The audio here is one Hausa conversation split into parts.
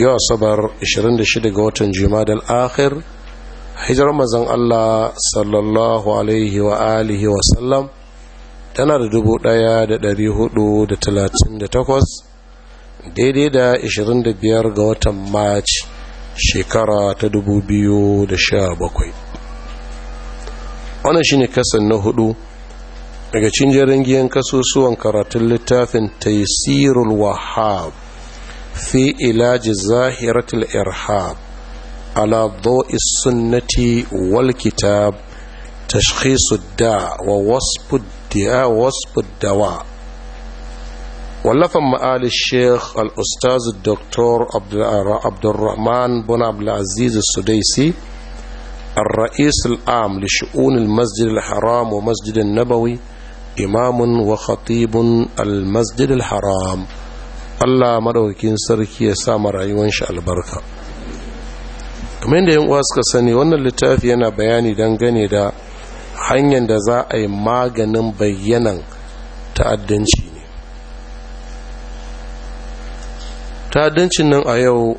yau asabar 26 ga watan jimadal akhir hijirar mazan Allah sallallahu alaihi wa alihi wa sallam tana da 1438 daidai da 25 ga watan march shekara ta 2017 wannan shi ne kasan na hudu daga cin jirgin kasusuwan karatun littafin taisirul wahab في علاج ظاهرة الإرهاب على ضوء السنة والكتاب تشخيص الداء ووصف الداء ووصف الدواء ولف مآل الشيخ الأستاذ الدكتور عبد الرحمن بن عبد العزيز السديسي الرئيس العام لشؤون المسجد الحرام ومسجد النبوي إمام وخطيب المسجد الحرام Allah madaukakin sarki ya sa rayuwar shi albarka kuma da yan uwa suka sani wannan littafi yana bayani don gane da hanyar da za a yi maganin bayyanan ta'addanci ne ta'addancin nan a yau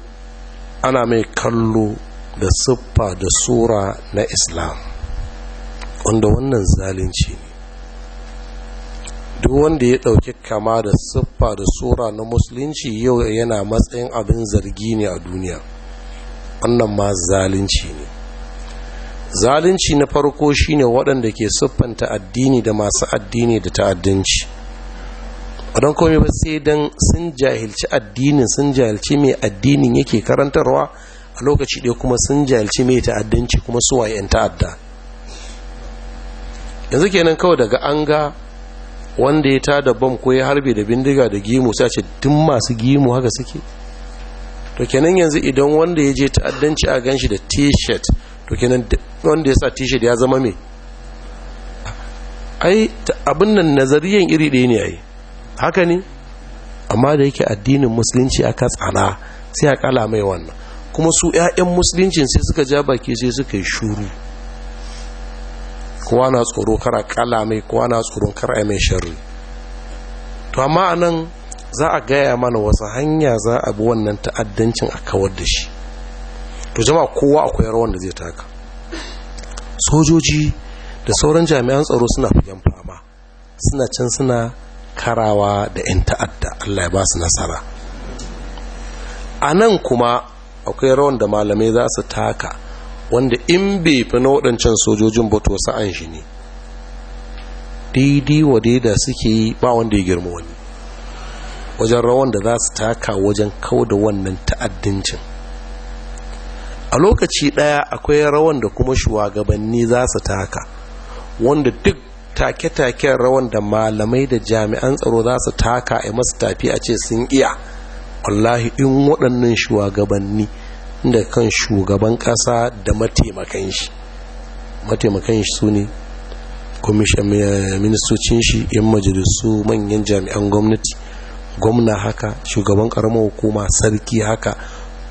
ana mai kallo da siffa da sura na islam wanda wannan zalunci ne duk wanda ya ɗauki kama da siffa da sura na musulunci yau yana matsayin abin zargi ne a duniya wannan ma zalunci ne zalunci na farko shine waɗanda ke siffanta addini da masu addini da ta'addanci don komai ba sai don sun jahilci addinin sun jahilci mai addinin yake karantarwa a lokaci ɗaya kuma sun jahilci mai ta'addanci kuma suwa 'yan ta'adda yanzu kenan kawai daga an ga wanda ya tada bam ko ya harbe da bindiga da gimu sai ce duk masu gimu haka suke to kenan yanzu idan wanda ya je ta'addanci a ganshi da t-shirt to kenan wanda ya sa t-shirt ya zama me ai abin nan nazariyan iri ɗaya ne ai haka ne amma da yake addinin musulunci aka tsana sai a kala mai wannan kuma su 'ya'yan musulunci sai suka ja baki sai suka yi shuru kowa na tsoro kara kala mai kowa na tsoro kara mai sharri to amma anan za a gaya mana wasu hanya za a bi wannan ta'addancin a kawar da shi to jama'a kowa akwai rawan da zai taka sojoji da sauran jami'an tsaro suna fagen fama suna can suna karawa da 'yan ta'adda allah ya ba su nasara a nan kuma akwai rawan da malamai za su taka wanda in bai fi na waɗancan sojojin ba to sa'an shi ne daidai wa da suke yi ba wanda ya girma wani wajen rawan da za su taka wajen kawo da wannan ta'addincin a lokaci ɗaya akwai rawan da kuma shugabanni za su taka wanda duk take-taken rawan da malamai da jami'an tsaro za su taka a masu tafi a ce sun iya wallahi in waɗannan shugabanni da kan shugaban kasa da mataimakan shi mataimakan shi su ne eh, ministocin shi yan majalisu manyan jami'an gwamnati gwamna haka shugaban karamar hukuma sarki haka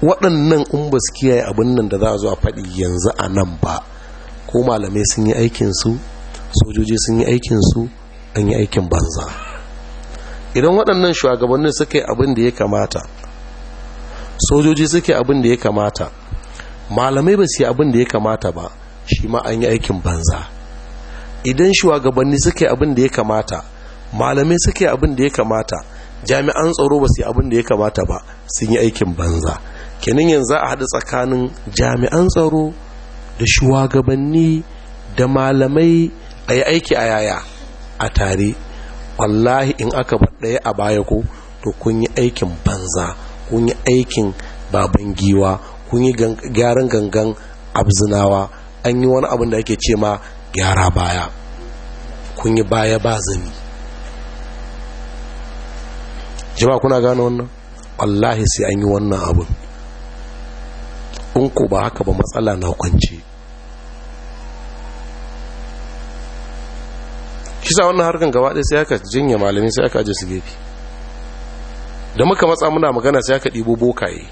waɗannan in ba su kiyaye abin nan da za a zo a faɗi yanzu a nan ba ko malamai sun yi aikinsu sojoji sun yi aikinsu an yi aikin banza idan waɗannan shugabannin suka yi abin da ya kamata sojoji suke abin da ya kamata malamai ba su yi abin da ya kamata ba shi ma an yi aikin banza idan shugabanni suke abin da ya kamata malamai suke abin da ya kamata jami'an tsaro ba su abin da ya kamata ba sun yi aikin banza kenan yanzu a haɗu tsakanin jami'an tsaro da shugabanni da malamai a yi aiki a yaya a tare wallahi in aka baɗaya ɗaya a baya ko to kun yi aikin banza kun yi aikin baban giwa kun yi gyaran gangan abzinawa an yi wani abin da ake ce ma gyara baya kun yi baya ba zami jima kuna gano wannan wallahi sai an yi wannan abin in ba haka ba matsala na kwanci kisa wannan harkar gaba ɗaya sai aka jinya malami sai aka aje su gefe da muka matsa muna magana sai aka ɗibo bokaye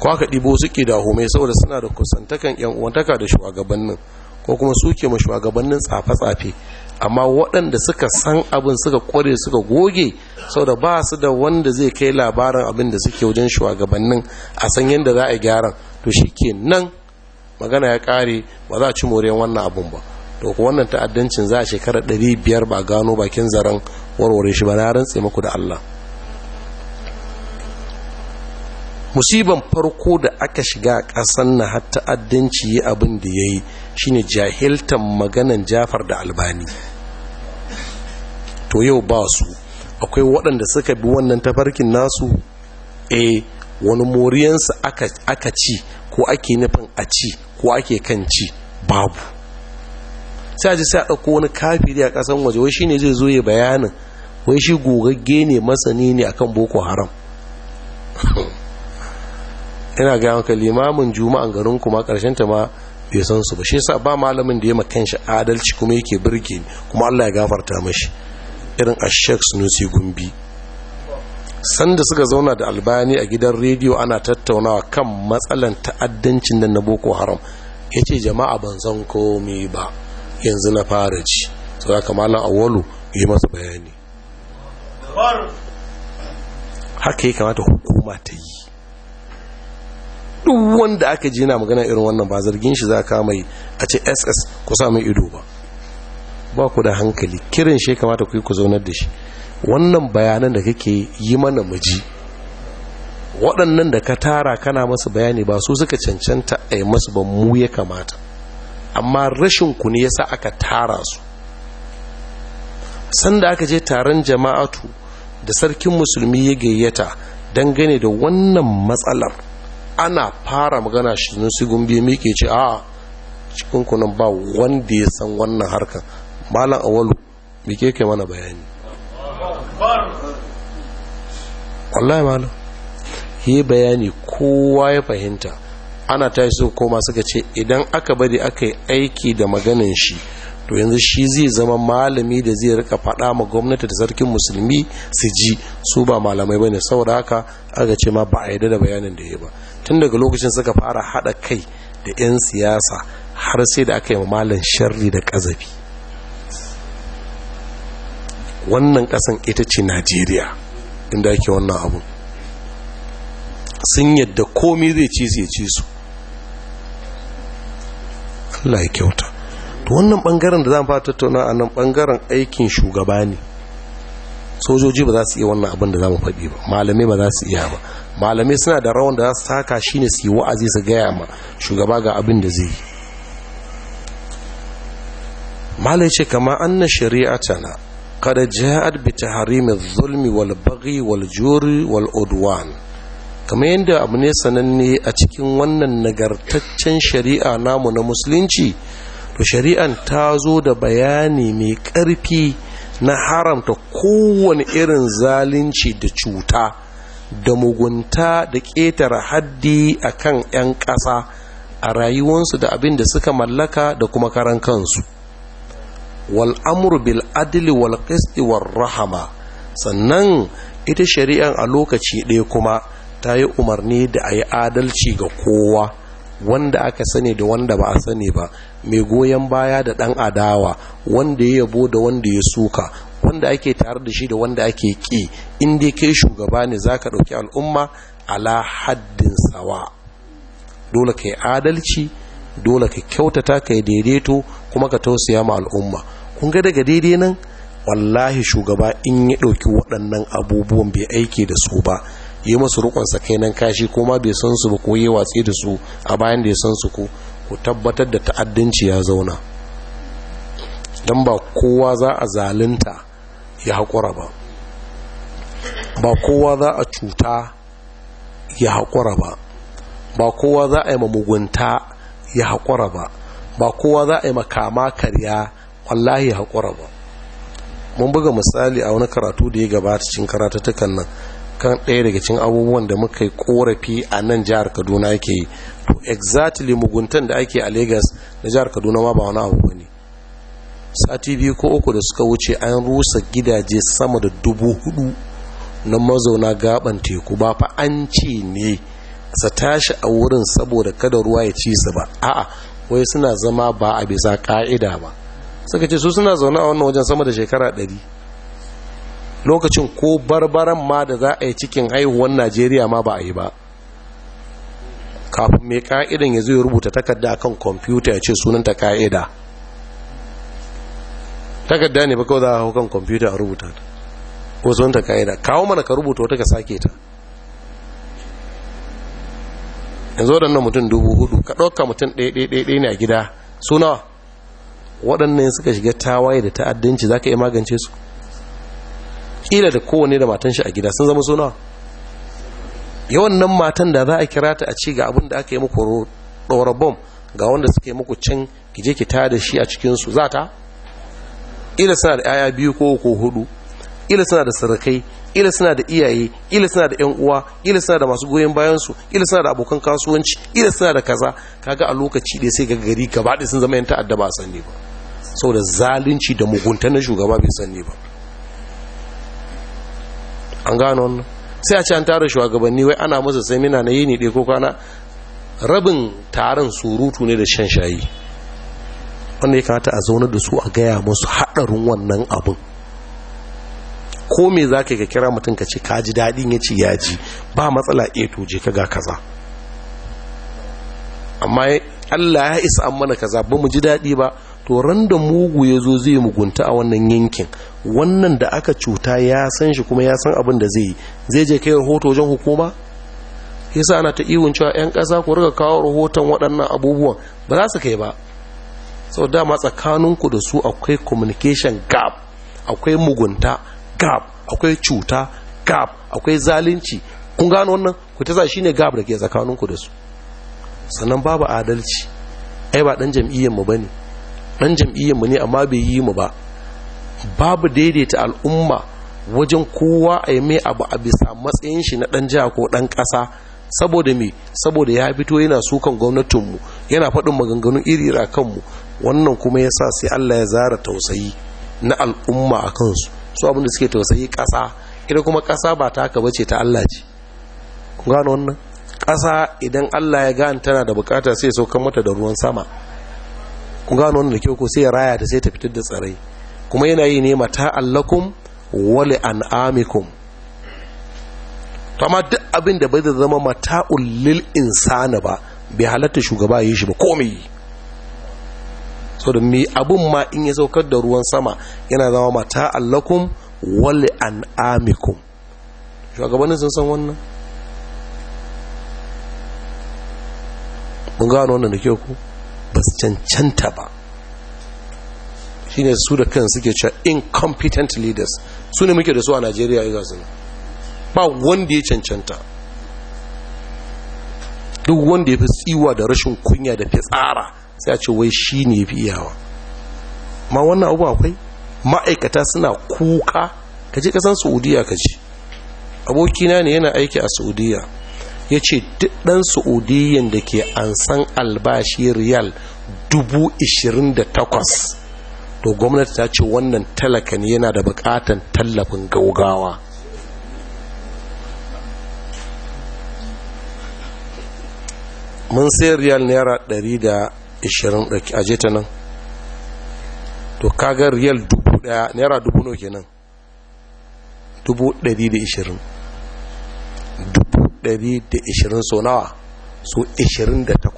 ko aka ɗibo suke da homai saboda suna da kusantakan yan uwantaka da shugabannin ko kuma suke ma shugabannin tsafe-tsafe amma waɗanda suka san abin suka kware suka goge saboda ba su da wanda zai kai labarin abin da suke wajen shugabannin a san yadda za a gyaran to shi ke nan magana ya kare ba za a ci moriyar wannan abin ba to ku wannan ta'addancin za a shekarar 500 ba gano bakin zaren warware shi ba na rantse muku da Allah musiban farko da aka shiga ƙasan na hatta addinci yi abin da ya yi shine jahiltan maganan jafar da albani to yau ba su akwai waɗanda suka bi wannan tafarkin nasu e wani moriyansu aka ci ko ake nufin a ci ko ake kan ci babu sai a ji sai a ɗauko wani kafiri a ƙasan waje wai shine zai zo ya bayanin wai shi gogagge ne masani ne akan boko haram ina ga maka limamin juma'an garin kuma karshen ta ma bai san su ba shi yasa ba malamin da ya makan shi adalci kuma yake birge kuma Allah ya gafarta mashi irin ash su Sunusi Gumbi sanda suka zauna da Albani a gidan rediyo ana tattaunawa kan matsalan ta'addancin da na Boko Haram yace jama'a ban san komai ba yanzu na fara ji saboda kamalan awwalu yi masa bayani haka ya kamata hukuma ta yi duk wanda aka ji yana magana irin wannan ba zargin shi za ka mai a ce ss ku sa ido ba ba ku da hankali kirin shi kamata ku yi ku zaunar da shi wannan bayanan da kake yi mana muji waɗannan da ka tara kana masu bayani ba su suka cancanta a yi masu ban mu ya kamata amma rashin ku ne yasa aka tara su sanda aka je taron jama'atu da sarkin musulmi ya gayyata dangane da wannan matsalar ana fara magana shi nun su gumbi ke ce a cikin kunan ba wanda ya san wannan harkar malam awalu mike kai mana bayani wallahi malam yi bayani kowa ya fahimta ana ta su koma suka ce idan aka bari aka yi aiki da maganin shi to yanzu shi zai zama malami da zai rika faɗa ma gwamnati da sarkin musulmi su ji su ba malamai bane saboda haka aka ce ma ba a yi da bayanin da ya ba tun daga lokacin suka fara haɗa kai da 'yan siyasa har sai da aka yi mamalin sharri da ƙazafi wannan kasan ita ce najeriya inda ake wannan abu sun yadda komi zai ci zai ci su allah ya kyauta wannan ɓangaren da zan fata tattauna a nan ɓangaren aikin shugaba ne sojoji ba za su iya wannan abin da za mu faɗi ba malamai ba za su iya ba malamai suna da rawan da za su taka shine su yi wa'azi su gaya ma shugaba ga abin da zai yi malai ce kama anna shari'atana kada jihar bi mai zulmi wal bagi wal juri wal udwan kamar yadda abu ne sananne a cikin wannan nagartaccen shari'a namu na musulunci to shari'an ta zo da bayani mai ƙarfi na haramta kowane irin zalunci da cuta da mugunta da ƙetare haddi a kan 'yan ƙasa a rayuwansu da abin da suka mallaka da kuma karan kansu wal'amur bil adli wal rahama sannan ita shari'an a lokaci ɗaya kuma ta yi umarni da a yi adalci ga kowa wanda aka sani da wanda ba a sani ba mai goyon baya da dan adawa wanda ya yabo da wanda ya suka wanda ake tare da shi da wanda ake ƙi inda kai shugaba ne zaka ka ɗauki al'umma ala haddin sawa dole ka yi adalci dole ka kyautata ka yi daidaito kuma ka tausaya ma al'umma kun ga daga daidai nan wallahi shugaba in ya ɗauki waɗannan abubuwan bai aiki da su ba yi masu rukun nan kashi ko ma bai san su ba ko yi watsi da su a bayan da ya san su ko ku tabbatar da ta'addanci ya zauna don ba kowa za a zalunta ya haƙura ba ba kowa za a cuta ya haƙura ba ba kowa za a yi mamugunta ya haƙura ba ba kowa za a yi makama karya wallahi ya haƙura ba mun buga misali a wani karatu da ya gabata cin karatattukan nan Kan ɗaya daga cikin abubuwan da muka yi korafi a nan jihar kaduna yake yi to exactly muguntan da ake a Legas na jihar kaduna ma ba wani abu ne. sati biyu ko uku da suka wuce an rusa gidaje sama da dubu hudu na mazauna gaban teku ba fa an ce ne sa tashi a wurin saboda kada ruwa ya ci su ba a'a wai suna zama ba a bisa ka'ida ba suka ce su suna zaune a wannan wajen sama da shekara ɗari lokacin ko barbaran ma da za a yi cikin haihuwan najeriya ma ba a yi ba kafin mai ka'idan ya zo ya rubuta takarda kan kwamfuta ya ce sunanta ka'ida takarda ne ba kawai za a hau kan kwamfuta a rubuta ta ko sunanta ka'ida kawo mana ka rubuta wata ka sake ta yanzu waɗannan mutum dubu hudu ka ɗauka mutum ɗaiɗaiɗaiɗai ne a gida suna waɗannan suka shiga tawaye da ta'addanci za ka iya magance su kila da kowane da matan shi a gida sun zama suna yawan nan matan da za a kira ta a ci ga abin da aka yi muku ɗora bom ga wanda suke muku can ki je ki tada shi a cikinsu za ta ila suna da 'ya'ya biyu ko ko hudu ila suna da sarakai ila suna da iyaye ila suna da yan uwa ila suna da masu goyon bayan su ila suna da abokan kasuwanci ila suna da kaza kaga a lokaci da sai ga gari gaba da sun zama yan ta'adda ba san ba saboda zalunci da mugunta na shugaba bai san ba an gano wannan sai a ce an tara shugabanni wai ana masa mina na yini ne ko kwana rabin taron surutu ne da shan shayi wanda ya kamata a zaunar da su a gaya musu haɗarin wannan abin ko me za ka kira mutum ka ce ka ji daɗin ya ce ya ji ba matsala iya eh toje ka ga kaza amma Allah ya isa an mana kaza ba mu ji daɗi ba to ran da mugu ya zo zai mugunta a wannan yankin wannan da aka cuta ya san shi kuma ya san abin da zai yi zai je kai rahoto wajen hukuma yasa ana ta iwon cewa 'yan ƙasa ku riga kawo rahoton waɗannan abubuwan ba za su kai ba sau dama tsakaninku da su akwai communication gap akwai mugunta gap akwai cuta gap akwai zalunci kun gano wannan ku ta shi ne gap da ke tsakaninku da su sannan babu adalci ai ba dan jam'iyyar mu bane ɗan mu ne amma bai yi mu ba babu daidaita al'umma wajen kowa a yi mai abu a bisa matsayin shi na ɗan jiha ko dan kasa saboda me saboda ya fito yana sukan gwamnatinmu yana faɗin maganganu iri akan mu. wannan kuma ya sa sai allah ya zara tausayi na al'umma a kansu su abinda suke tausayi ƙasa ita kuma ƙasa ba ta haka bace ta allah ce kun gano wannan ƙasa idan allah ya gani tana da bukata sai saukan mata da ruwan sama kun gano wannan da kyau ko sai ya raya ta sai ta fitar da tsarai kuma yana yi ne mata allakum wali an'amikum amikum amma duk abin da bai zama mata lil insana ba bai halatta shugaba ya yi shi ba komai so da mi abun ma in ya saukar da ruwan sama yana zama mata allakum wali an amikum shugabannin sun san wannan mun gano wannan da ke ku ba su cancanta ba Shi ne su da kan suke cewa incompetent leaders su ne muke da su a najeriya ya zazu ba wanda ya cancanta duk wanda ya fi tsiwa da rashin kunya da fi tsara sai a ce wai shi ne ya fi iyawa ma wannan abu akwai ma'aikata suna kuka ka je kasan saudiya ka ce abokina ne yana aiki a saudiya ya ce duk ɗan saudiyyar da ke ansan albashi riyal 28,000 to gwamnati ta ce wannan talaka ne yana da bukatan tallafin gaugawa mun sai riyal naira 120 a jeta nan to kaga riyal 1000 naira 1000 kenan 120 120 so nawa so 28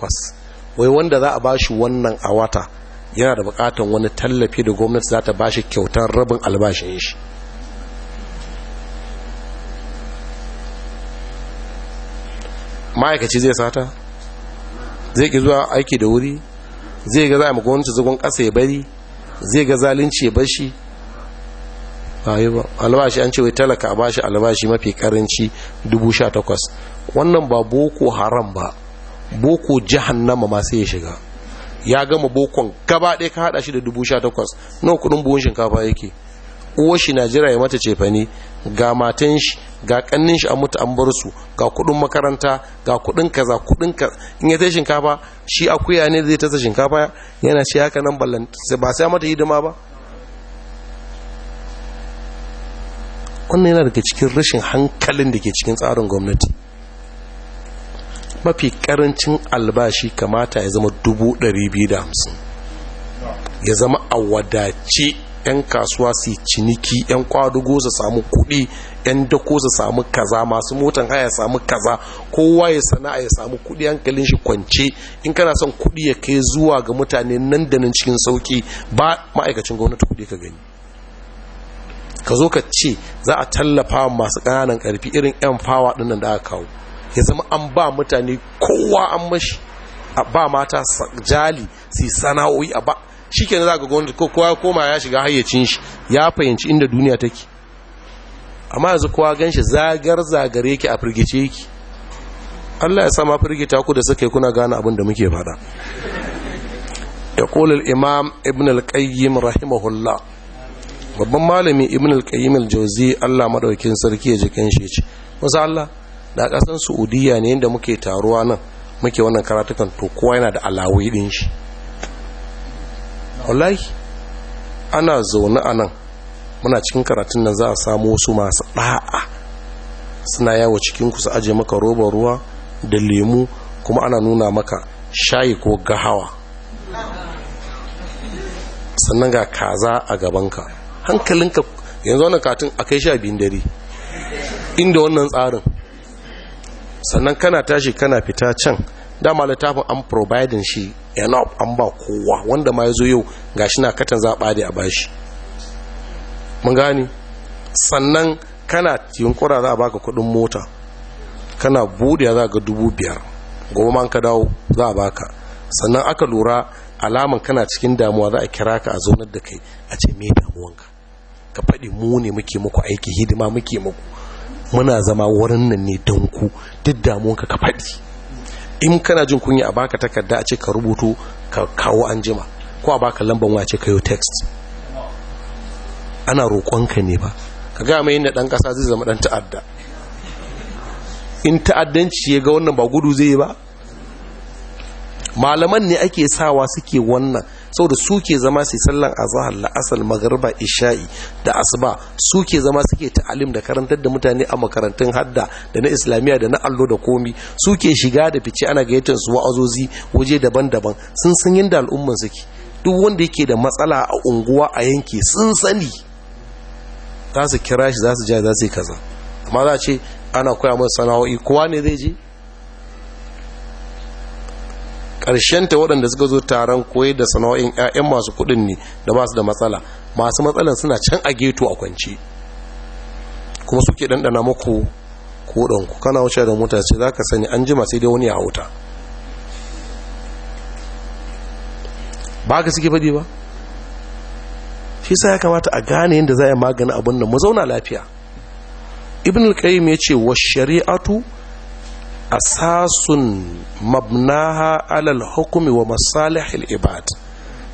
wai wanda za a bashi wannan a wata yana da bukatan wani tallafi da gwamnati za ta bashi kyautar rabin albashin shi ma'aikaci zai sata zai ki zuwa aiki da wuri zai ga za a gwamnati zagon ƙasa ya bari zai ga zalunci ya bashi albashi an ce wai talaka a bashi albashi mafi karanci 18,000 wannan ba boko haram ba boko jahannama ma sai ya shiga ya gama bokon gaba ɗaya ka haɗa shi da 18,000 nawa kudin buhun shinkafa yake uwa shi najira ya mata cefane ga matan shi ga kannin shi an mutu an bar su ga kudin makaranta ga kudin kaza kudin ka in ya shinkafa shi akuya ne zai tasa shinkafa yana ce haka nan ballan ba sai mata hidima ba wannan yana daga cikin rashin hankalin da ke cikin tsarin gwamnati mafi karancin albashi kamata ya zama 250 ya zama a wadace 'yan kasuwa su ciniki 'yan kwadugo su samu kuɗi 'yan dako su samu kaza masu motan haya samu kaza kowa ya sana'a ya samu kuɗi hankalin shi kwance in kana son kuɗi ya kai zuwa ga mutane nan da nan cikin sauki ba ma'aikacin gwamnati kuɗi ka gani ka zo ka ce za a tallafa masu ƙananan ƙarfi irin 'yan fawa ɗinnan da aka kawo ya zama an ba mutane kowa an mashi a ba mata jali su sana'o'i a ba shi ke za ga gwamnati ko kowa koma ya shiga hayyacin shi ya fahimci inda duniya take amma yanzu kowa gan shi zagar zagare a firgice yake Allah ya sama firgita ku da suka yi kuna gane abin da muke faɗa ya imam ibn al-qayyim rahimahullah babban malami ibn al-qayyim al-jawzi Allah madaukin sarki ya jikin shi ce wasu Allah da kasan Saudiya ne inda muke taruwa nan muke wannan karatukan to kowa yana da alawai din shi wallahi ana zaune a nan muna cikin karatun nan za a samu wasu masu ɗa'a suna yawo cikin ku su aje maka robar ruwa da lemu kuma ana nuna maka shayi ko gahawa sannan ga kaza a gabanka hankalinka yanzu wannan katin a kai sha biyun dare inda wannan tsarin sannan kana tashi kana fita can dama littafin an providin shi enough an ba kowa wanda ma ya zo yau ga shi na katan zaɓa da a bashi mun gani sannan kana yunkura za a baka kudin mota kana buɗe za ga dubu biyar gobe man ka dawo za a baka sannan aka lura alaman kana cikin damuwa za a kira ka a zaunar da kai a ce me damuwanka ka faɗi mu ne muke muku aiki hidima muke muku muna zama wurin nan ne don ku duk damuwanka ka faɗi in kana jin kunya a baka takarda a ce ka rubuto ka kawo an jima ko a baka lambar wa ce ka yi text ana roƙonka ne ba ka ga mai yadda dan ƙasa zai zama ɗan ta'adda in ta'addanci ya ga wannan ba gudu zai ba malaman ne ake sawa suke wannan saboda suke zama su sallan azhar la'asar Magariba isha'i da asuba suke zama suke ta'alim da karantar da mutane a makarantun hadda da na islamiyya da na allo da komi suke shiga da fice ana gayyatar su wa'azozi waje daban-daban sun san yadda al'umman suke duk wanda yake da matsala a unguwa a yanki sun sani za su kira shi za su ja za su yi kaza amma za ce ana koya masu sana'o'i kowa ne zai je ta waɗanda suka zo taron koyi da sana'o'in 'ya'yan masu kuɗin ne da ba su da matsala masu matsalan suna can a geto a kwance, kuma suke ɗanɗana muku ku. kana wuce da mota ce za ka sani an jima sai dai wani ya hauta ba ka suke faɗi ba shi sa ya kamata a gane yadda za a magana abin nan, mu zauna lafiya ibn al-qayyim ya ce wa shari'atu asasun mabnaha alal hukumi wa masalihil ibad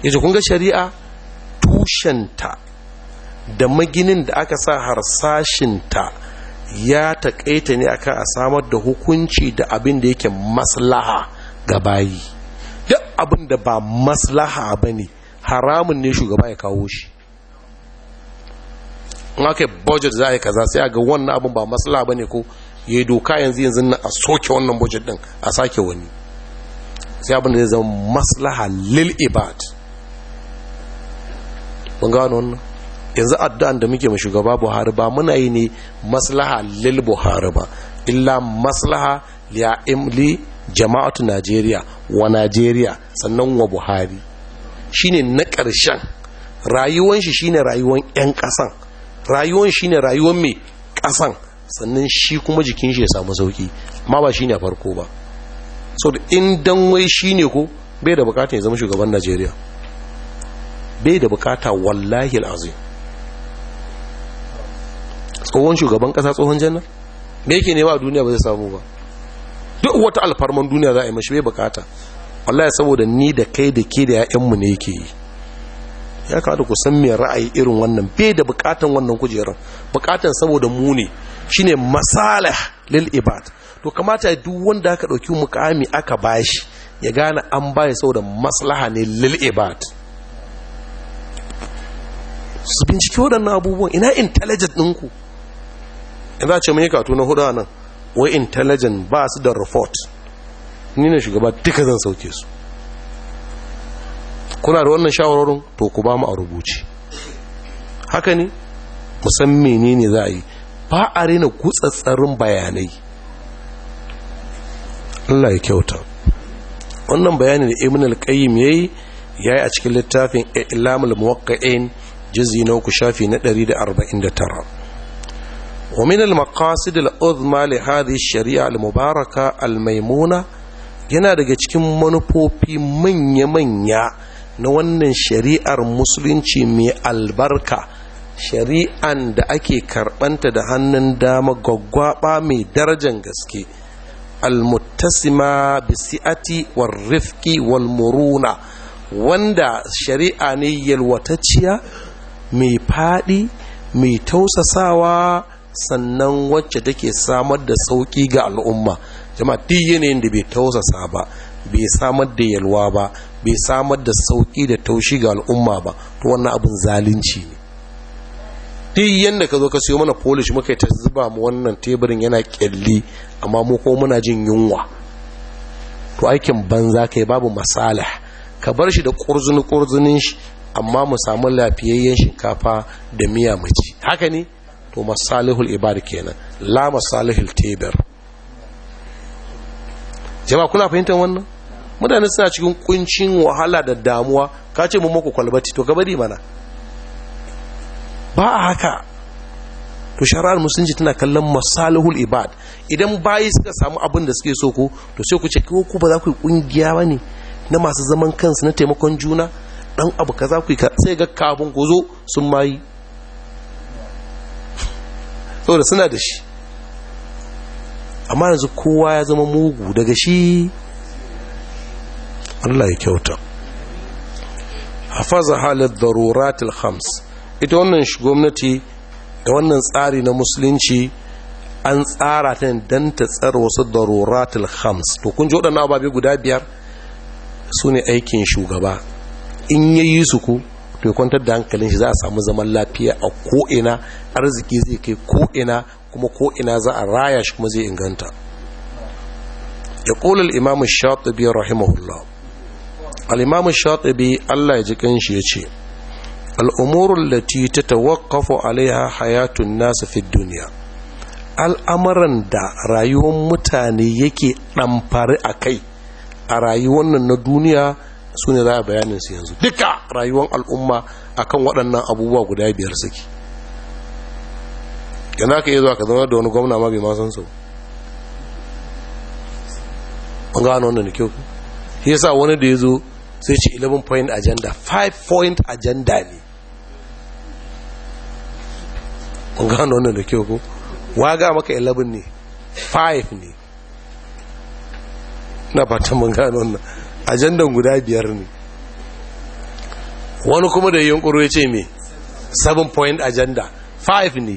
yace kun ga shari'a tushenta da maginin da aka sa harsashinta ya taƙaita ne akan a samar da hukunci da abin da yake maslaha ga bayi duk abin da ba maslaha ba ne haramun ne shugaba ya kawo shi in aka yi budget za a yi kaza sai a ga wannan abin ba maslaha ba ne ko ya yi doka yanzu yanzu na a soke wannan budget din a sake wani sai abinda zai zama maslaha lil ibad mun gano wannan yanzu addu'an da muke mu shugaba buhari ba muna yi ne maslaha lil buhari ba illa maslaha li jama'atu najeriya wa najeriya sannan wa buhari shine na ƙarshen rayuwan shi shine rayuwan 'yan ƙasan rayuwan shine rayuwan mai ƙasan sannan shi kuma jikin shi ya samu sauki ma ba ne a farko ba so in dan wai ne ko bai da bukata ya zama shugaban Najeriya bai da bukata wallahi alazim tsohon shugaban kasa tsohon janar me yake ne ba duniya ba zai samu ba duk wata alfarman duniya za a yi mashi bai bukata wallahi saboda ni da kai da ke da ya'yanmu ne yake yi ya kada ku san mai ra'ayi irin wannan bai da bukatan wannan kujerar bukatan saboda mu ne shine masalah lil ibad to kamata duk wanda aka dauki mukami aka bashi ya gane an baya saboda maslaha ne lil ibad su binciki waɗannan abubuwan ina intelligent ɗinku in za a ce mai kato na hudu nan wai intelligent ba su da report ni ne shugaba duka zan sauke su kuna da wannan shawarorin to ku ba mu a rubuce haka ne musamman menene ne za a yi ba a rena tsarin bayanai Allah ya kyauta wannan bayani da ibn ya yi yayi yayi a cikin littafin ilamul muwaqqi'in jizi na uku shafi na 149 wa min al-maqasid al-uzma li sharia al-mubaraka al yana daga cikin manufofi manya-manya na wannan shari'ar musulunci mai albarka shari'an da ake karɓanta da hannun dama gwaggwaɓa mai darajan gaske almuttasima bisi'ati wal rifki wal muruna wanda shari'a ne yalwatacciya mai faɗi mai tausasawa sannan wacce take samar da sauƙi ga al'umma jama duk yanayin da bai tausasa ba bai samar da yalwa ba bai samar da sauƙi da taushi ga al'umma ba to wannan abin zalunci ne duk yadda ka zo ka siyo mana polish muka ta zuba mu wannan teburin yana kyalli amma mu ko muna jin yunwa to aikin banza kai babu masala ka bar shi da kurzuni kurzunin shi amma mu samu lafiyayyen shinkafa da miya mace haka ne to masalihul ibad kenan la masalihul tebur jama kuna fahimtar wannan mutane suna cikin kuncin wahala da damuwa ka ce mu muku kwalbati to ka bari mana ba a haka to shari'ar musulunci tana kallon masalihul ibad idan bayi suka samu abin da suke so ko to sai ku ce ko ku ba za ku yi kungiya ba ne na masu zaman kansu na taimakon juna dan abu ka za ku yi sai ga kafin ku zo sun mayi saboda suna da shi amma yanzu kowa ya zama mugu daga shi Allah ya kyauta hafaza halin daruratul khams ita wannan gwamnati da wannan tsari na musulunci an tsara ta don ta tsara wasu daruratul hams. to kun ji waɗannan ababe guda biyar su ne aikin shugaba in ya yi su ku to ya kwantar da hankalin shi za a samu zaman lafiya a ko'ina arziki zai kai ko'ina kuma ko'ina za a raya shi kuma zai inganta ya ƙola imamu shaɗabi rahimahullah al'imamu shaɗabi allah ya ji kan shi ya ce al'umurun lati ta tawakafo alaiha hayatun nasa fi duniya al'amuran da rayuwar mutane yake ɗamfari a kai a rayuwar nan na duniya su ne za a bayanin su yanzu duka rayuwar al'umma a kan waɗannan abubuwa guda biyar suke yana ka yi zuwa ka zama da wani gwamna ma bai masan su an gano wannan da kyau yasa wani da ya zo sai ce 11 point agenda 5 point agenda ne kun gano wannan da kyau ko wa ga maka 11 ne 5 ne na fatan mun gano wannan ajandan guda biyar ne wani kuma da yunkuru ya ce me 7 point agenda 5 ne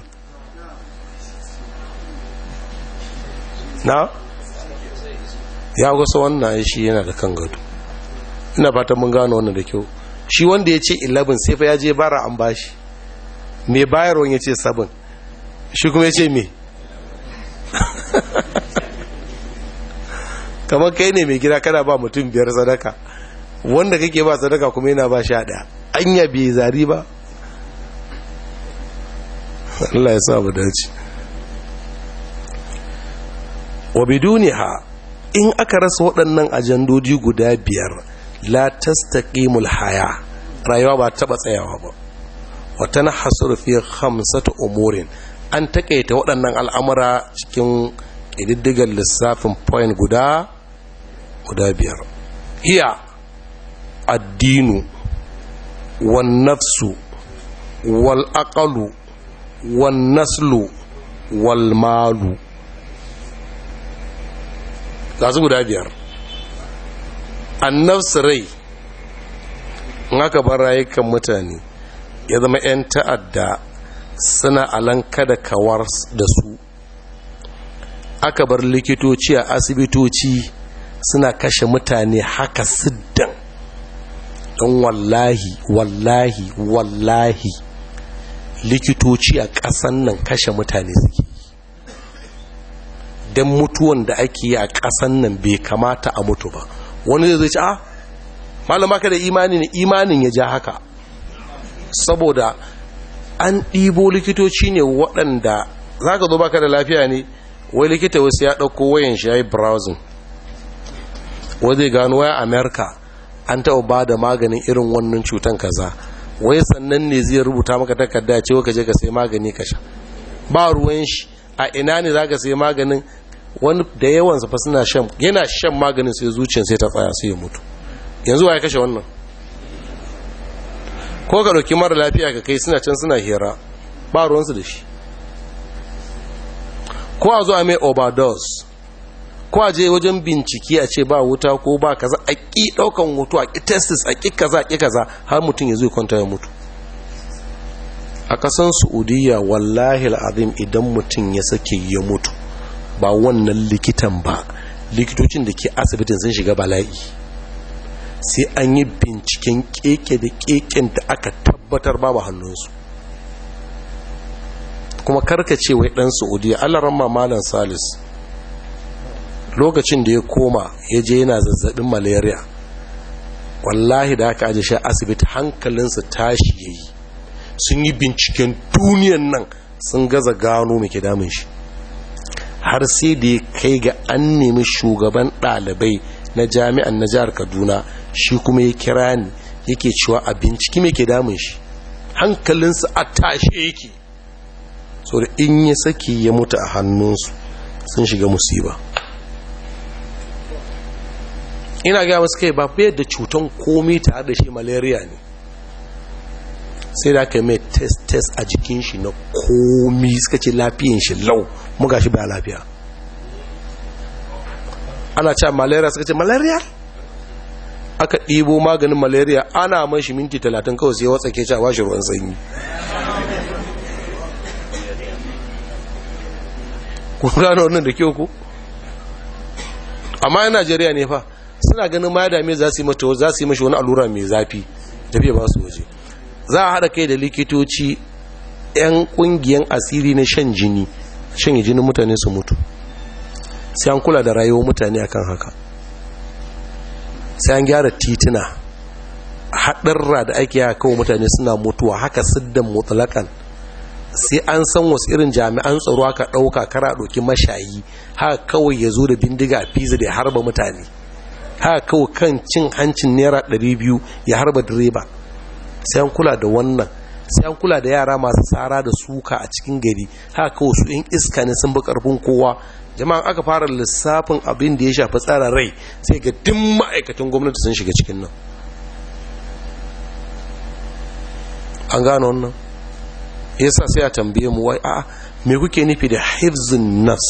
na ya gusa wannan shi yana da kan gado ina fatan mun gano wannan da kyau shi wanda ya ce 11 sai fa ya je bara an bashi mai bayarwa ya ce sabon shi kuma ya ce me kamar kai ne mai gida kana ba mutum biyar sadaka wanda kake ba sadaka kuma yana ba sha an anya bai zari ba Allah ya sa mu dace wa biduniha in aka rasa waɗannan ajandoji guda biyar la tastaqimul haya rayuwa ba ta tsayawa ba wa tanhasuru fi khamsati umurin an takaita waɗannan al'amura cikin ƙididdigar lissafin point guda guda biyar iya addinu wan nafsu wal aqalu wan naslu wal malu su guda biyar annafsu nafsirai in aka bar rayukan mutane ya zama 'yan ta'adda suna alanka da kawar da su aka bar likitoci a asibitoci suna kashe mutane haka siddan don wallahi wallahi wallahi likitoci a ƙasan nan kashe mutane suke don mutuwan da ake yi a ƙasan nan bai kamata a mutu ba wani zai zai ci a ah, malama ka da imanin imanin ya ja haka saboda an ɗibo likitoci ne waɗanda za ka zo baka da lafiya ne wai likita wasu ya ɗauko wayan shi ya yi browsing wai zai gano waya Amerika an taɓa ba da maganin irin wannan cutan kaza wai sannan ne zai rubuta maka takarda ce ka je ka sai magani ka sha ba ruwan shi a ina ne za ka sai maganin wani da yawansa fa shan yana shan maganin sai zuciyar sai ta tsaya sai ya mutu yanzu wa ya kashe wannan ko ka ɗauki mara lafiya ka kai suna can suna hira ba ruwansu da shi ko a zuwa mai obados ko a je wajen bincike a ce ba wuta ko ba kaza a ƙi ɗaukan wuto a ƙi testis a ƙi kaza a ƙi kaza har mutum ya zo kwanta ya mutu a ƙasan saudiya wallahi al'adun idan mutum ya sake ya mutu ba wannan likitan ba likitocin da ke asibitin sun shiga bala'i sai an yi binciken keke da keken da aka tabbatar babu hannunsu kuma karka ce wai dan saudiya alaran Malam salis lokacin da ya koma ya je yana zazzabin malaria wallahi da aka aje shi asibiti hankalinsa tashi ya yi sun yi binciken duniyan nan sun gaza gano mai ke damun shi har sai da ya kai ga an nemi shugaban ɗalibai na jami'an na jihar kaduna shi kuma ya kira ni yake cewa a binciki mai ke damun shi hankalinsu a tashe yake so da in ya saki ya mutu a hannunsu sun shiga musiba ina ga masu kai ba fiye da cutan komi tare da shi malaria ne sai da aka mai test-test a jikin shi na komi suka ce lafiyan shi lau muga shi ba lafiya ana cewa malaria suka ce malaria aka ɗibo maganin malaria ana mashi minti talatin kawai sai watsa ke ci a washe ruwan sanyi ku gano wannan da kyau ku amma yana najeriya ne fa suna ganin ma dame za su yi mata za su yi mashi wani allura mai zafi fiye ba su waje za a haɗa kai da likitoci 'yan ƙungiyan asiri na shan jini shan jinin mutane su mutu sai an kula da rayuwar mutane akan haka sai an gyara tituna haɗarra da ake ya kawo mutane suna mutuwa haka siddan mutlakan sai an san wasu irin jami'an tsaro aka ɗauka kara ɗauki mashayi haka kawai ya zo da bindiga a fiza da ya harba mutane haka kawai kan cin hancin naira 200 ya harba direba sai an kula da wannan sai an kula da yara masu tsara da suka a cikin gari haka kawai su yin iska ne sun bi ƙarfin kowa jama'an aka fara lissafin abin da ya shafi tsara rai sai ga duk ma'aikatan gwamnati sun shiga cikin nan an gano wannan Ya sa sai a tambaye mu wai a'a me kuke nufi da haifzin nas,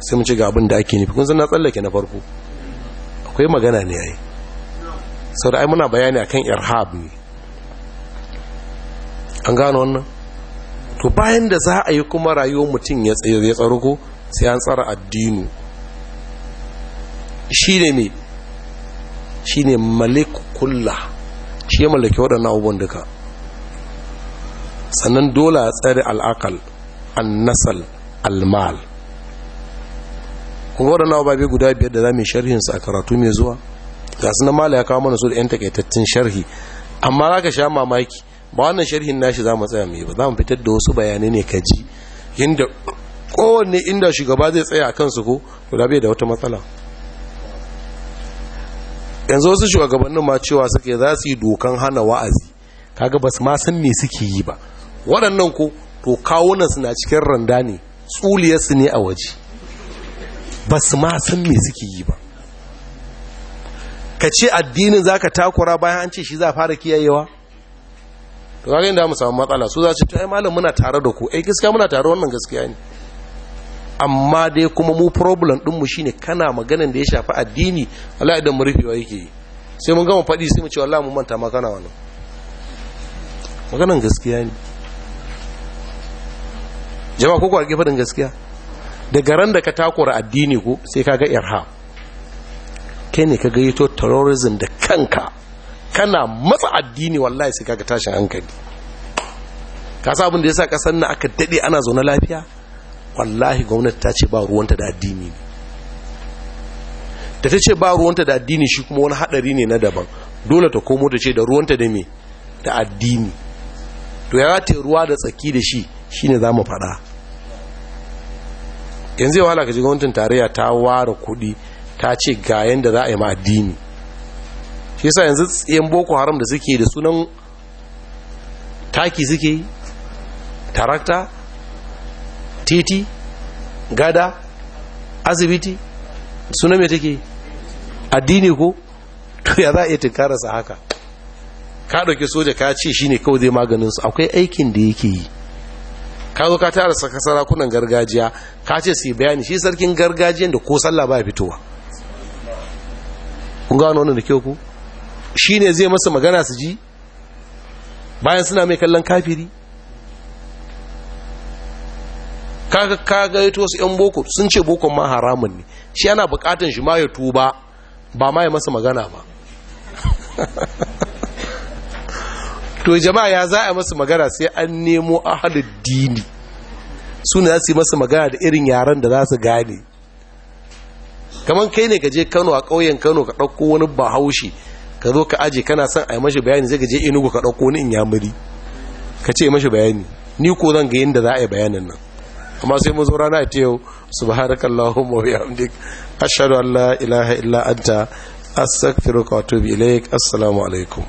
sai mu ci ga abin da ake nufi kun san na tsallake na farko akwai magana ne yayi sau da ai muna bayani akan irhab ne an gano wannan to bayan da za a yi kuma rayuwar mutum ya tsaro ko sai an tsara addinu shi ne mai shi ne malik shi ya mallaki waɗannan abubuwan duka sannan dole a tsari al'akal annasal almal kuma waɗannan abubuwa guda biyar da za mu sharhinsu a karatu mai zuwa ga sunan mala ya kawo mana su da 'yan takaitattun sharhi amma za ka sha mamaki ba wannan sharhin nashi za mu tsaya mai ba za mu fitar da wasu bayanai ne ka ji da kowanne inda shugaba zai tsaya a kansu ko guda bai da wata matsala yanzu wasu shugabannin ma cewa suke za su yi dokan hana wa'azi kaga ba su ma san me suke yi ba waɗannan ko to kawunan suna cikin randa ne tsuliyarsu ne a waje ba su ma san me suke yi ba ka ce addinin za ka takura bayan an ce shi za fara kiyayewa to kaga inda mu samu matsala su za su ce ai malam muna tare da ku ai eh, gaskiya muna tare wannan gaskiya ne amma dai kuma mu problem ɗinmu shine kana maganin da ya shafi addini Allah idan mu rufewa yake yi sai mun gama faɗi sai mu ce wallah mun manta ma kana wannan maganan gaskiya ne jama'a ko ku alƙi faɗin gaskiya daga ran da ka takura addini ko sai ka ga irha kai ne ka gaito terrorism da kanka kana matsa addini wallahi sai ka ga tashin hankali ka sa abin da yasa kasan na aka dade ana zaune lafiya wallahi gwamnati ta ce ba ruwanta da addini ne da ta ce ba ruwanta da addini shi kuma wani hadari ne na daban dole ta komo ta ce da ruwanta da me da addini to ya rataye ruwa da tsaki da shi shine za mu faɗa yanzu yawa ka ji gwamnatin tarayya ta ware kuɗi ta ce ga yadda za a yi ma addini shi sa yanzu tsayen boko haram da suke da sunan taki suke tarakta titi gada asibiti suna mai take addini ko to ya za a iya tunkararsa haka ka ɗauki soja ka ce shi ne kawai zai maganinsu akwai aikin da yake yi ka zo ka tara sarakunan gargajiya ka ce su yi bayani shi sarkin gargajiyan da ko sallah ba fitowa kun gano wannan da kyau ku shi ne zai masa magana su ji bayan suna mai kallon kafiri kaga kaga yato wasu yan boko sun ce bokon ma haramun ne shi yana bukatan shi ma ya tuba ba ma ya masa magana ba to jama'a ya za a masa magana sai an nemo ahalin dini su ne za su yi masa magana da irin yaren da za su gane kamar kai ne gaje kano a ƙauyen kano ka ɗauko wani bahaushe ka zo ka aje kana son a yi mashi bayani zai gaje inugu ka ɗauko wani yamuri ka ce mashi bayani ni ko zan ga yin da za a yi bayanin nan amma sai mu zo rana ta yau subhanakallahu wa bihamdik ashhadu an la ilaha illa anta astaghfiruka wa atubu ilaik assalamu alaikum